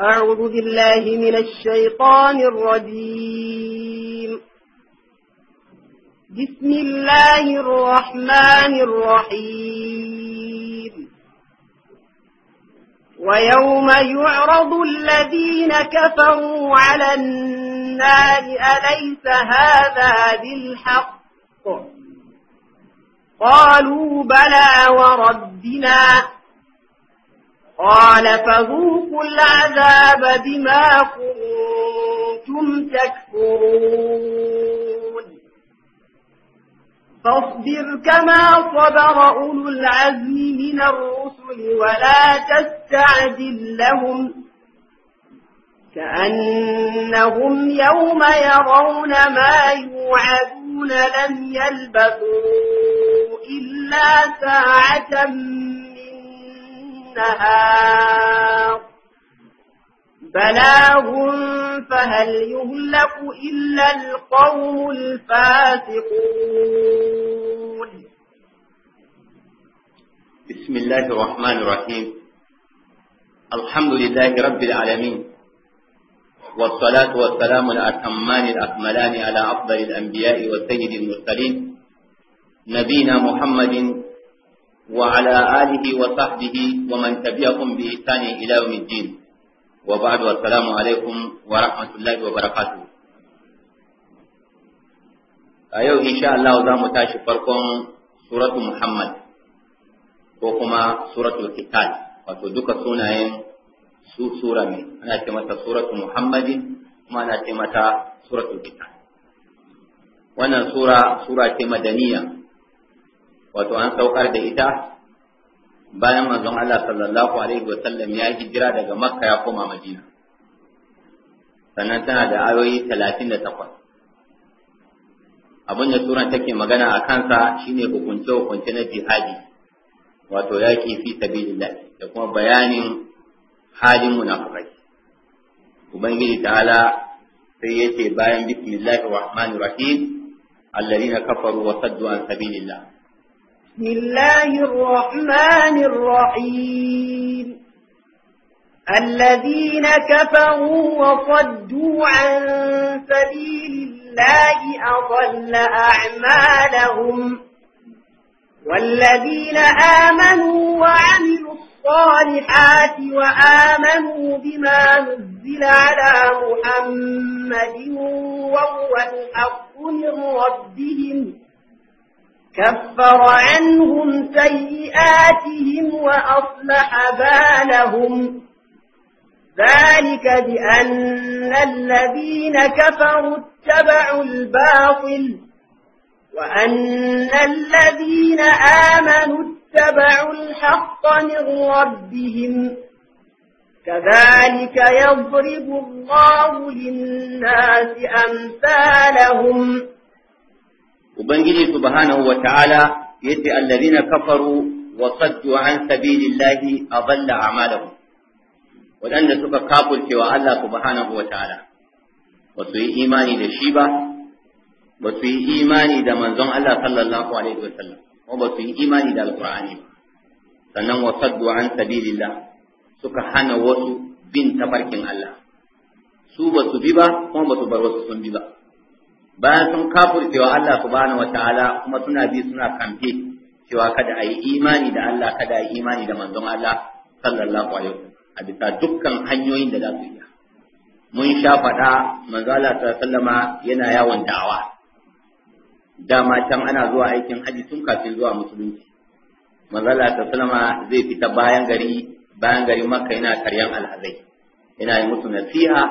أعوذ بالله من الشيطان الرجيم بسم الله الرحمن الرحيم ويوم يعرض الذين كفروا على النار أليس هذا بالحق قالوا بلى وربنا قال فذوقوا العذاب بما كنتم تكفرون فاصبر كما صبر أولو العزم من الرسل ولا تستعجل لهم كأنهم يوم يرون ما يوعدون لم يلبثوا إلا ساعة من نهار بلاغ فهل يهلك إلا القوم الفاسقون بسم الله الرحمن الرحيم الحمد لله رب العالمين والصلاة والسلام الأتمان الأكملان على أفضل الأنبياء والسيد المرسلين نبينا محمد وعلى آله وصحبه ومن تبعهم بإحسان إلى يوم الدين wa ba'du assalamu alaikum wa rahmatullahi wa barakatuh a yau insha Allah za mu tashi farkon suratu Muhammad ko kuma suratul Qital wato duka sunayen su sura ne ana ce mata suratu Muhammadin kuma ana ce mata suratul wannan sura wato an saukar da ita bayan manzon Allah sallallahu alaihi wa sallam ya hijira daga Makka ya koma Madina sannan tana da ayoyi 38 abin da suran take magana a kansa shine hukunce hukunce na jihadi wato yaki fi sabilillah da kuma bayanin halin munafikai ubangiji ta'ala sai yace bayan bismillahir rahmanir rahim alladhina kafaru wa saddu an sabilillah بسم الله الرحمن الرحيم الذين كفروا وصدوا عن سبيل الله أضل أعمالهم والذين آمنوا وعملوا الصالحات وآمنوا بما نزل على محمد وهو الحق من ربهم كفر عنهم سيئاتهم وأصلح بالهم ذلك بأن الذين كفروا اتبعوا الباطل وأن الذين آمنوا اتبعوا الحق من ربهم كذلك يضرب الله للناس أمثالهم ubangiji subhanahu wa ta'ala yace allazina kafaru wa saddu an sabilillahi adalla a'malahum wadanda suka kafurce wa Allah subhanahu wa ta'ala ba su yi imani da shi ba ba su yi imani da manzon Allah sallallahu alaihi wa sallam kuma ba su yi imani da alqur'ani ba sannan wa saddu an sabilillah suka hana wasu bin tafarkin Allah su ba su bi ba kuma ba su bar wasu sun bi ba bayan sun kafurce wa Allah subhanahu wataala kuma suna bi suna kamfe cewa kada a yi imani da Allah kada a yi imani da manzon Allah sallallahu alaihi a bisa dukkan hanyoyin da za su iya mun sha faɗa Manzala sallama yana yawon da'awa dama can ana zuwa aikin haji tun kafin zuwa musulunci Manzala sallama zai fita bayan gari bayan gari Makka yana karyan alhazai yana yi musu nasiha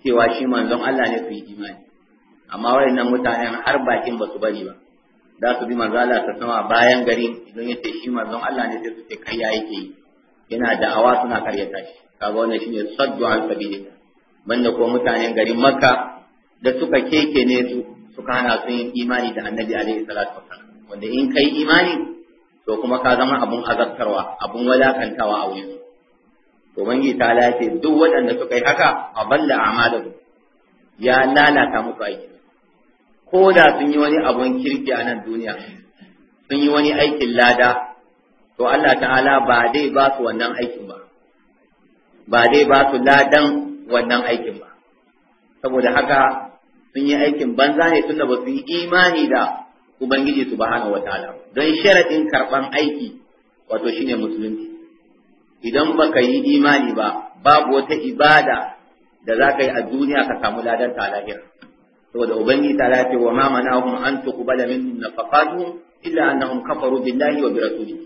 cewa shi manzon Allah ne su yi imani amma wayannan mutanen har bakin ba su bari ba za su bi manzo Allah ta sama bayan gari idan yace shi manzon Allah ne sai su ce kai yayi yi yana da'awa suna karyata shi kaga wannan shine saddu an sabili banda ko mutanen garin Makka da suka keke ne su suka hana su yin imani da Annabi alaihi salatu wasallam wanda in kai imani to kuma ka zama abun azabtarwa abun wadakantawa a wurin to bangi ta lace duk waɗanda suka yi haka a balla amalu ya lalata musu aiki ko da sun yi wani abun kirki a nan duniya sun yi wani aikin lada to Allah ta'ala ba dai ba su wannan aikin ba ba dai ba su ladan wannan aikin ba saboda haka sun yi aikin banza ne tunda ba su yi imani da ubangiji subhanahu wataala don sharadin karban aiki wato shine musulunci idan baka yi imani ba babu wata ibada da za ka yi a duniya ka samu ladan ta lahira saboda ubangiji ta lafi wa ma hum an tuqbala minhum nafaqatuhum illa annahum kafaru billahi wa bi rasulihi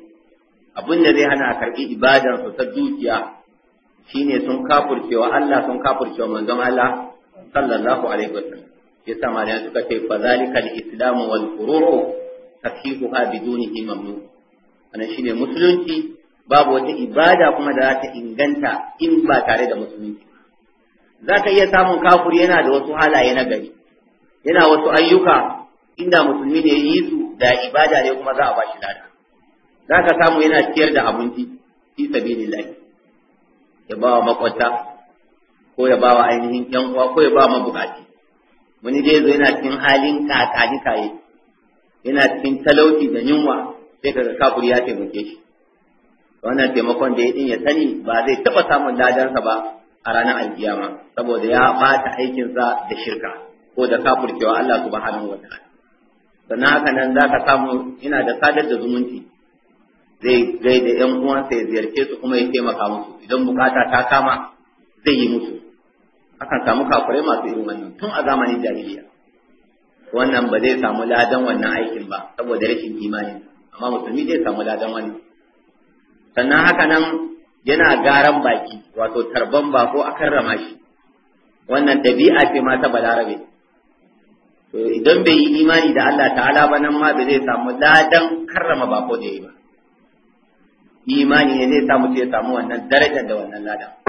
abin da zai hana a karbi ibadan su ta dukiya shine sun kafurcewa Allah sun kafurcewa manzon Allah sallallahu alaihi wasallam yasa malayan suka ce fa zalika al-islamu wal furu'u tashihuha bidunihi mamnu anan shine musulunci babu wata ibada kuma da zata inganta in ba tare da musulunci za ka iya samun kafuri yana da wasu halaye na gari yana wasu ayyuka inda musulmi ne yi su da ibada ne kuma za a bashi lada za ka samu yana ciyar da abinci fi sabilillahi ya ba wa makwata ko ya ba wa ainihin yan uwa ko ya ba wa mabukaci wani dai zo yana cikin halin kakani kaye yana cikin talauci da yunwa sai kaga kafuri ya taimake shi wannan taimakon da ya din ya sani ba zai taba samun ladarsa ba a ranar alkiyama saboda ya bata aikinsa da shirka ko da kafurkewa Allah subhanahu wa ta'ala sannan haka nan za ka samu ina da sadar da zumunci zai zai da yan uwansa ya ziyarce su kuma ya taimaka musu idan bukata ta kama zai yi musu akan samu kafurai masu irin wannan tun a zamanin jahiliya wannan ba zai samu ladan wannan aikin ba saboda rashin imani amma musulmi zai samu ladan wannan sannan haka nan yana garan baki wato tarban bako akan rama shi wannan dabi'a ce ma ta balarabe idan bai yi imani da Allah ta'ala ba nan ma bai zai samu ladan karrama bako da yi ba imani ne zai samu sai ya samu wannan darajar da wannan ladan